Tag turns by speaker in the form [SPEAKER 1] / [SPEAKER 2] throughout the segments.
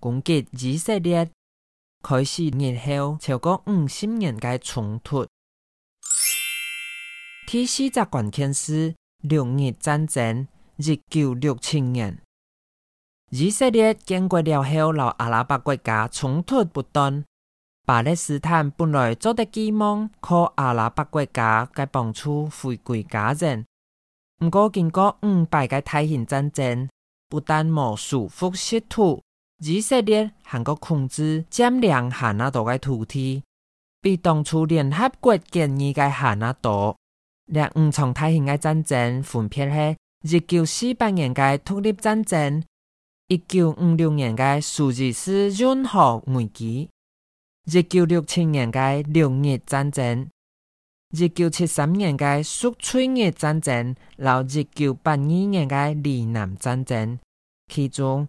[SPEAKER 1] 總結以色列開始日後超過五十年的衝突。第四隻關鍵詞：六日戰爭，一九六七年，以色列建國了後，同阿拉伯國家衝突不斷。巴勒斯坦本來做得寄望，靠阿拉伯國家嘅幫助回歸家園。唔過經過五百嘅大型戰爭，不但無收復失土。以色列韓國控制占領哈納多的土地，被當初聯合國建議嘅哈納多。兩五場大型的戰爭分別是：一九四八年嘅獨立戰爭，一九五六年嘅蘇伊士運河危機，一九六七年嘅六日戰爭，一九七三年嘅贖罪日戰爭，到一九八二年嘅黎南戰爭，其中。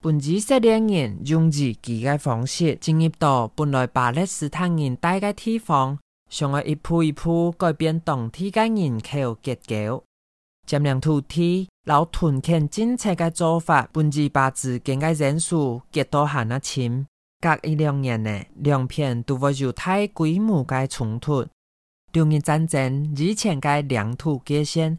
[SPEAKER 1] 本子十一年，用自己的方式進入到本來巴勒斯坦人待嘅地方，想要一步一步改變當地嘅人口結構。佔領土地老屯墾政策的做法，本把子把自建的人數極度限啊深，隔一兩年呢，兩片都會有大規模的衝突。六日戰爭之前嘅領土界線。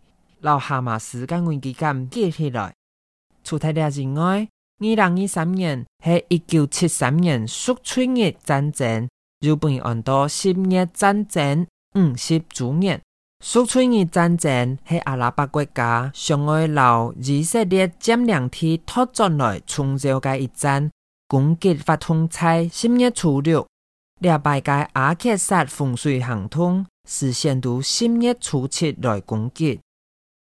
[SPEAKER 1] 老哈馬斯跟危機感結起來。除此之外，二零二三年係一九七三年贖罪日戰爭，日本安多十月戰爭五十周年。贖罪日戰爭是阿拉伯國家上個月以色列佔領區拓展來創造嘅一戰，攻擊發動喺十月初六，第八屆阿克薩洪水行動，實現到十月初七來攻擊。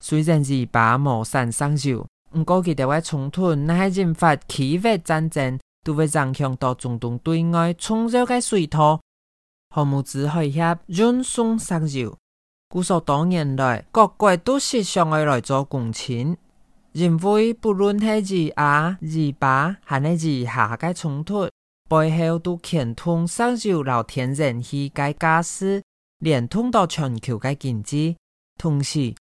[SPEAKER 1] 雖然以巴無甚石油，不過佢哋個衝突、那些引發起嘅戰爭，都會影響到中東對外衝突嘅水土，荷姆茲海峽運送石油，古所多年來，各國都是想愛來做公親，認為不論係以阿以巴，還是以哈嘅衝突背後都牽動石油撈天然氣個價勢，連通到全球嘅經濟，同時。